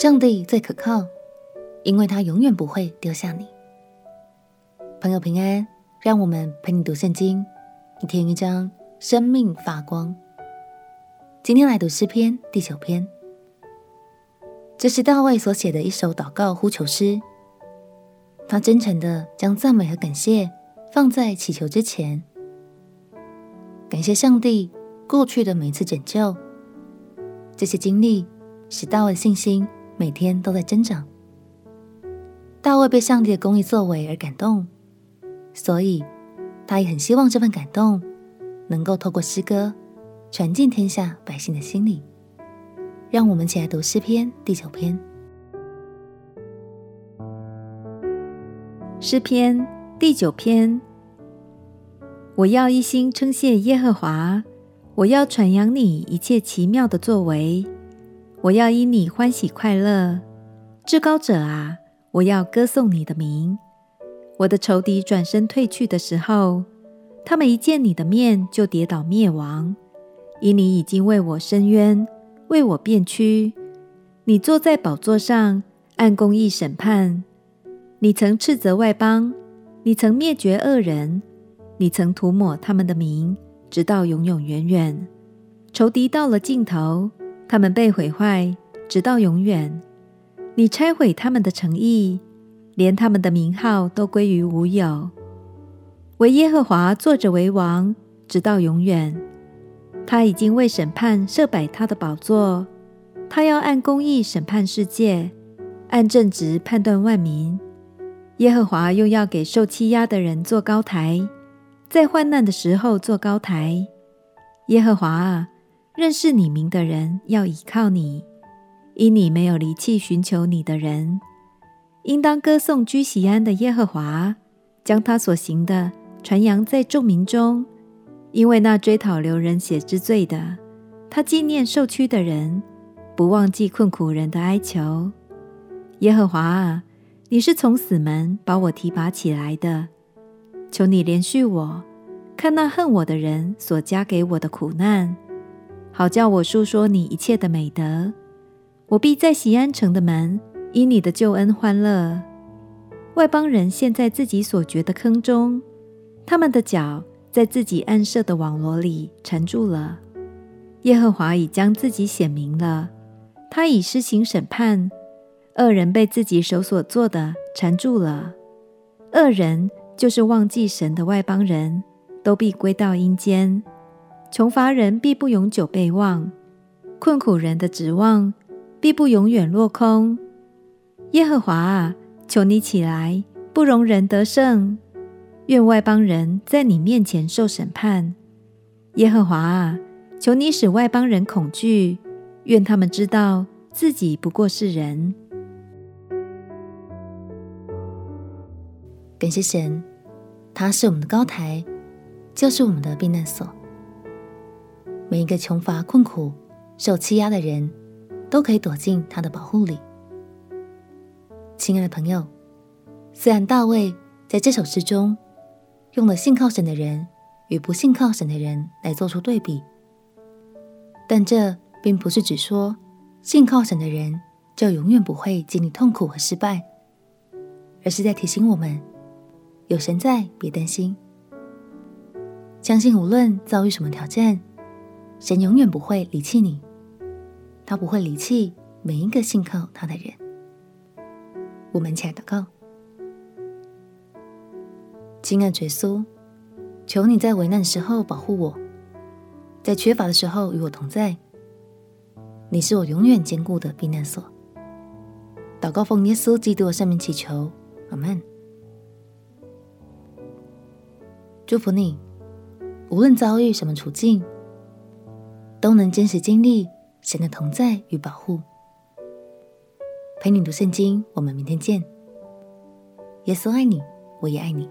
上帝最可靠，因為他永遠不會丟下你。朋友平安，讓我們陪你讀聖經，一天一章，生命發光。今天來讀詩篇第九篇，這是大衛所寫的一首禱告呼求詩。他真誠地將讚美和感謝放在祈求之前，感謝上帝過去的每一次拯救，這些經歷使大衛的信心。每天都在增長。大衛被上帝的公義作為而感動，所以他也很希望這份感動能夠透過詩歌傳進天下百姓的心裡。讓我們一起來讀詩篇第九篇。詩篇第九篇：我要一心稱謝耶和華，我要傳揚你一切奇妙的作為。我要因你歡喜快樂，至高者啊，我要歌頌你的名。我的仇敵轉身退去的時候，他們一見你的面就跌倒滅亡。因你已經為我伸冤，為我辨屈。你坐在寶座上按公義審判。你曾斥責外邦，你曾滅絕惡人，你曾塗抹他們的名，直到永永遠遠。仇敵到了盡頭。他們被毀壞，直到永遠。你拆毀他們的城邑，連他們的名號都歸於無有。惟耶和華坐著為王，直到永遠。他已經為審判設擺他的寶座。他要按公義審判世界，按正直判斷萬民。耶和華又要給受欺壓的人作高台，在患難的時候作高台。耶和華啊。認識你名的人要倚靠你，因你沒有離棄尋求你的人。應當歌頌居錫安的耶和華，將他所行的傳揚在眾民中。因為那追討流人血之罪的，他紀念受屈的人，不忘記困苦人的哀求。耶和華啊，你是從死門把我提拔起來的，求你憐恤我，看那恨我的人所加給我的苦難。好叫我述說你一切的美德，我必在錫安城的門，以你的救恩歡樂。外邦人陷在自己所掘的坑中，他們的腳在自己暗設的網羅裡纏住了。耶和華已將自己顯明了，他已施行審判。惡人被自己手所做的纏住了。惡人就是忘記神的外邦人，都必歸到陰間。窮乏人必不永久被忘，困苦人的指望必不永遠落空。耶和華啊，求你起來，不容人得勝。願外邦人在你面前受審判。耶和華啊，求你使外邦人恐懼，願他們知道自己不過是人。感謝神，他是我們的高台，就是我們的避難所。每一個窮乏困苦、受欺壓的人，都可以躲進他的保護裡。親愛的朋友，雖然大衛在這首詩中用了信靠神的人與不信靠神的人來做出對比，但這並不是只說信靠神的人就永遠不會經歷痛苦和失敗，而是在提醒我們：有神在，別擔心，相信無論遭遇什麼挑戰。神永遠不會離棄你，他不會離棄每一個信靠他的人。我們起來禱告，親愛的耶穌，求你在危難的時候保護我，在缺乏的時候與我同在。你是我永遠堅固的避難所。禱告奉耶穌基督的聖名祈求，阿們。祝福你，無論遭遇什麼處境，都能真實經歷神的同在與保護。陪你讀聖經，我們明天見。耶穌愛你，我也愛你。